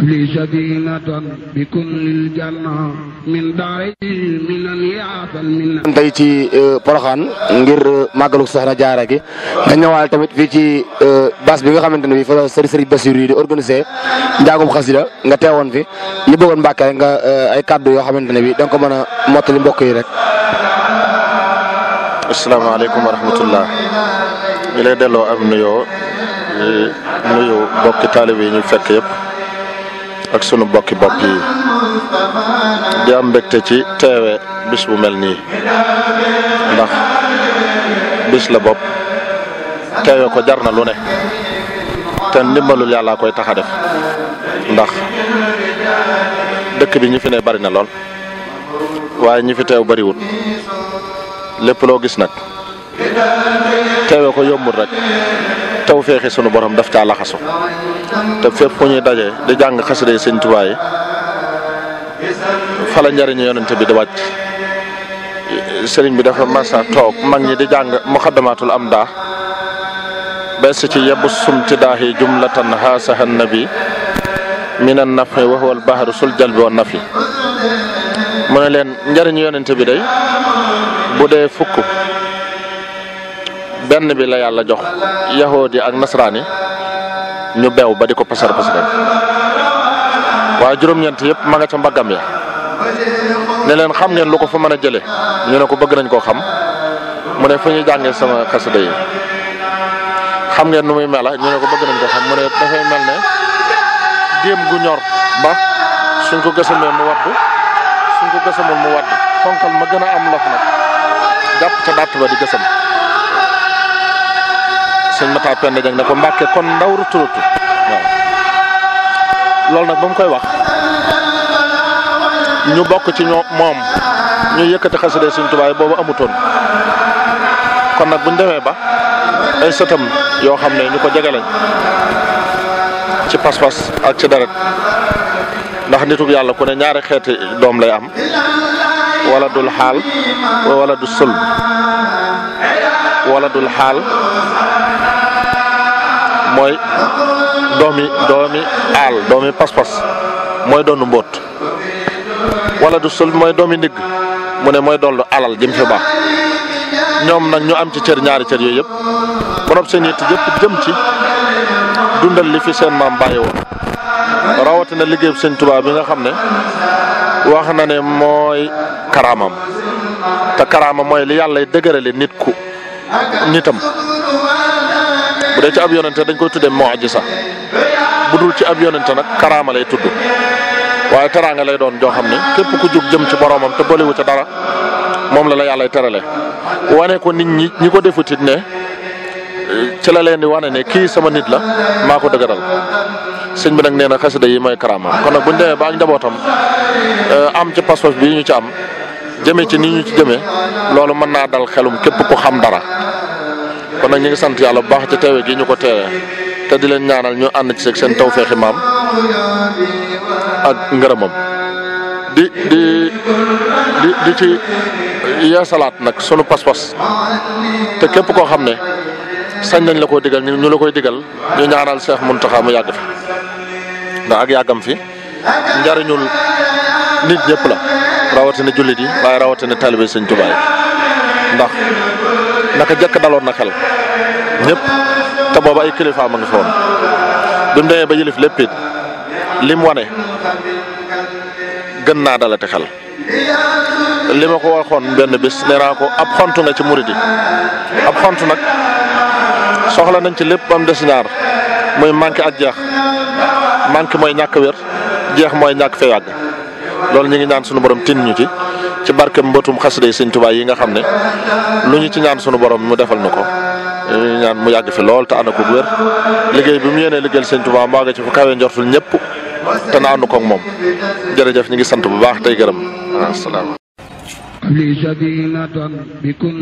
li sadinatan bi kullil janna min daari minan yaasal minan tey ci euh, Poroxaan ngir euh, màggalu na Jaara gi dañ ñëwaal tamit fii ci euh, bas bi nga xamante ne bii fa sëriñ sëriñ Bassirou yi di organisé njàngum xasida nga teewoon fi li bëggoon Mbàkke nga ay kàddu yoo xamante ne bii da ko mën a mottali mbokk yi rek. asalaamaaleykum wa rahmatullah ñu lay delloo am nuyoo ñu nuyu yëpp. ak sunu bokki bopp yi di am mbégte ci teewe bis bu mel nii ndax bis la bopp teewe ko jar na lu ne te ndimbalul laa koy tax a def ndax dëkk bi ñi fi ne bari na lool waaye ñi fi teew bariwut lépp loo gis nag teewee ko yombul rek taw feexi sunu borom daf caa laxasu te fépp fu ñuy daje di jàng xasida sëñ Tuubaa fala fa la njëriñu yonente bi di wàcc bi dafa masa toog mag ñi di jàng muxaddamaatul am daa bes ci yebbu sumti daahi jumlatan haasaha nabi minan nafi wa huwa al-bahru sul jalbi wa nafi mu ne leen njëriñu yonente bi day bu dee fukk benn bi la yàlla jox yahood yi ak nasaraan yi ñu beew ba di ko pasar pasare waaye juróom-ñeent yëpp ma nga ca mbaggam ya ne leen xam ngeen lu ko fa mën a jëlee ñu ne ko bëgg nañ koo xam mu ne fu ñuy jàngee sama xasida ngeen nu muy mela ñu ne ko bëgg nañ mu ne dafay mel ne géem gu ñor ba suñ ko gësamee mu wadd suñ ko gësamul mu wadd fonkal ma gën a am lof nag jàpp ca dàtt ba di gësam sëñ Matar Penda Dieng ne ko Mbàkke kon ndaw rutu rutu waaw nag ba mu koy wax ñu bokk ci ñoo moom ñu yëkkati xasida sëñ Tuubaa boobu amutoon kon nag buñ demee ba ay sëtam yoo xam ne ñu ko jege ci pas-pas ak ci deret ndax nituk yàlla ku ne ñaari xeeti doom lay am wala dul xaal wala du sël wala dul xaal mooy doomi doomi aal doomi pas-pas mooy doonu mbóot wala du sol mooy doomi ndigg mu ne mooy dollu alal jëm fi baax ñoom nag ñu am ci cër ñaari cër yooyu yëpp borom seen yitt yëpp jëm ci dundal li fi seen maam bàyyi woon rawatina liggéeyub sëñ Tuubaa bi nga xam ne wax na ne mooy karaamam te karaama mooy li yàlla dëgërale nit ku nitam bu dee ci ab yonente dañ koy tuddee mu'jiza bu dul ci ab yonente nag karaama lay tudd waaye teraanga lay doon joo xam ne képp ku jóg jëm ci boromam te bolewu ca dara moom la la yàllay terale wane ko nit ñi ñi ko defutit ne ci la leen di wane ne kii sama nit la maa ko dëgëral sëñ bi nag nee na xasida yi mooy karaama kon nag buñ demee baa njabootam euh, am ci passeport bi ñu ci am jëmee ci ni ñu ci jëmee loolu mën naa dal xelum képp ku xam dara kon nag ñu ngi sant yàlla bu baax ci teewe gi ñu ko teewee te di leen ñaanal ñu ànd ci seen tawféexi maam ak ngërëmam di di di di ci yeesalaat nag sunu pas-pas te képp koo xam ne sañ nañ la koy digal ñu la koy digal ñu ñaanal Seex Muntaxa mu yàgg fi ndax ak yàggam fi njariñul nit ñëpp la rawatina jullit yi waaye rawatina taalibe Sëñ Tuubaa ndax naka jëkk daloon na xel ñëpp te boobu ay kilifa ma nga fa woon bi ba yëlif lépp it wane gën naa dalate xel li ma ko waxoon benn bis nee naa ko ab xontu na ci murid yi ab xontu nag soxla nañ ci lépp am des ñaar muy manqué ak jeex manqué mooy ñàkk wér jeex mooy ñàkk fee yàgg loolu ñu ngi ñaan sunu borom tin ñu ci ci barke mbootum xasida yi sëñ Tuubaa yi nga xam ne lu ñu ci ñaan sunu borom mu defal nu ko ñu ñaan mu yàgg fi lool te a ko wér liggéey bi mu yéenee liggéeyal sëñ Tuubaa mbaa nga ci fu kawe njortul ñëpp te na ànd koog moom jërëjëf ñu ngi sant bu baax tey gërëm asalaam li sadinatan bi kun